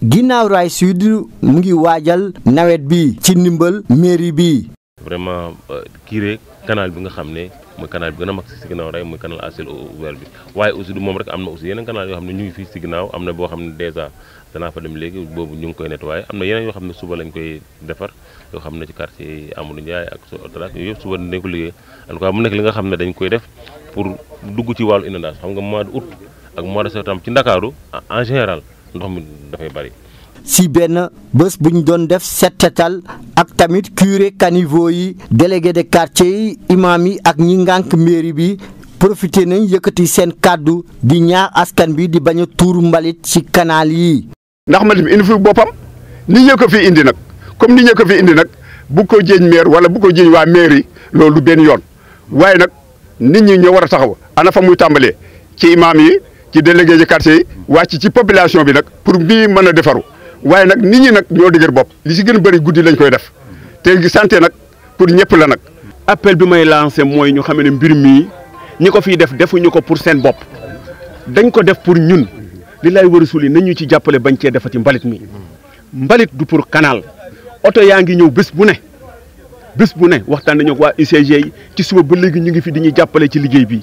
Guinaw Rail Sud mu ngi waajal nawet bi ci ndimbal mairie bi. vraiment curé euh, canal bi nga xam ne mooy canal bi gën a mag si Guinaw Rail mooy am na aussi yeneen canal yoo xam ne ñu ngi fii si Guinaw boo xam ne dèjà danaa fa dem léegi boobu ñu ngi koy net nettoyé am na yeneen yoo xam ne suba lañ koy defar yoo xam ne ci quartier Amadou Ndiaye ak Sotrac yooyu yëpp suba dinañ ko liggéey en tout cas nekk li nga xam ne dañ koy def pour dugg ci wàllu inondation xam nga mois d'août ak mois de setam ci Ndakaaru en général. ndox mi dafay bari. si benn bés bu ñu doon def settetal ak tamit curé caniveau yi délégué de quartier yi imaam yi ak ñi ngànk mairie bi profité nañ yëkkati seen kàddu di ñaar askan bi di bañ a tuur mbalit ci kanaal yi. ndax mbalit mi indi fi boppam ni ñi ko fi indi nag comme nit ñi ko fi indi nag bu ko jéñ maire wala bu ko jéñ waa mairie loolu du benn yoon waaye nag nit ñi ñoo war a taxaw ana fa muy tàmbalee ci imaam yi. ci délégué ci quartier yi wàcc ci population bi nak pour bi mëna défaru waye nak nit ñi nak ño digër bop li ci gën bari guddi lañ koy def gi santé nak pour ñëpp la nak appel bi may lancer moy ñu xamé ni mbir mi ñi ko def defu ko pour sen bop dañ ko def pour ñun li lay war a suuli ci jappalé bañ ci defati mbalit mi mbalit du pour canal auto yaangi ngi ñëw bés bu né bës bu né waxtaan nañu ak waa ci suba ba légui ñu ngi fi di ñi jappalé ci liggéey bi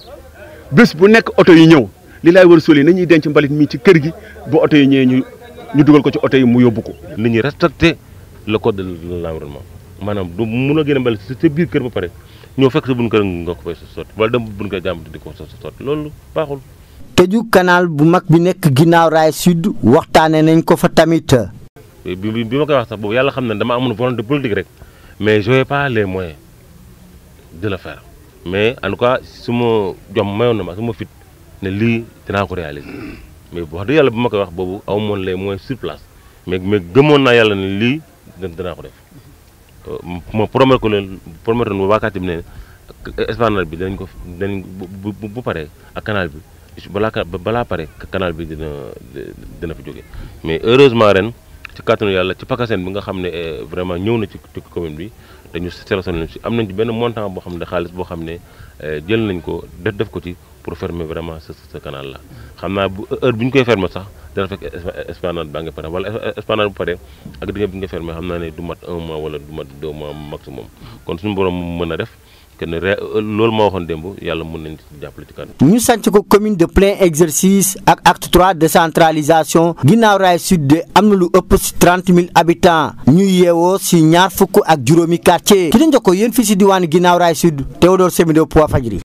bës bu nek auto yi ñëw. li laay war soli nañuy denc mbalit mii ci kër gi bu oto yi ñëwee ñu ñu dugal ko ci oto yi mu yóbbu ko. nit ñuy respecté le code de l'environnement maanaam du mun a gën a mbalit si sa biir kër ba pare ñoo fekk sa bun kër nga ko fay sotti wala dem bun kër jàmm di ko sotti loolu baaxul. tëju canal bu mag bi nekk ginnaaw raay sud waxtaanee nañ ko fa tamit. bi bi ma koy wax sax boobu yàlla xam ne dama amoon volonté politique rek mais j'avais pas les moyens de le faire mais en tout cas su ma jom mayoon na ma su ma fit. ne lii danaa ko réaliser mais wax dëgg yàlla bu ma koy wax boobu aw moon les mooy sur place mais mais gëmoon naa yàlla ne lii danaa ko def euh, moo promet ko leen promet woon waakaati bi ne esplanade bi dañ ko dinañ bu bu pare ak kanaal bi balaa balaa pare canal bi dina dina fi jóge mais heureusement ren ci kàttanu yàlla ci pakaseen bi nga xam ne eh, vraiment ñëw na ci ci commune bi dañu sélectionné leen si am nañ ci benn montant boo xam ne xaalis boo xam ne eh, jël nañ ko def def ko ci pour fermer vraiment ce, ce canal-là xamna heure buñ koy fermer sax dana fekk esplanade ba nga paré wala esplanade bu paré ak diggante bi nga fermer xamna né du mat un mois wala du mat deux mois maximum kon suñu borom mën a def. kenn re loolu ma waxoon démb yàlla mën nañu jàppale ci ñu sanc ko commune de plein exercice ak acte 3 décentralisation ginnaaw raay sud de am na lu ëpp si 30 000 habitants ñuy yeewoo si ñaar fukk ak juróomi quartier ki la njëkkoon yéen fii si diwaan ginnaaw raay sud Théodore Semido Walfadjri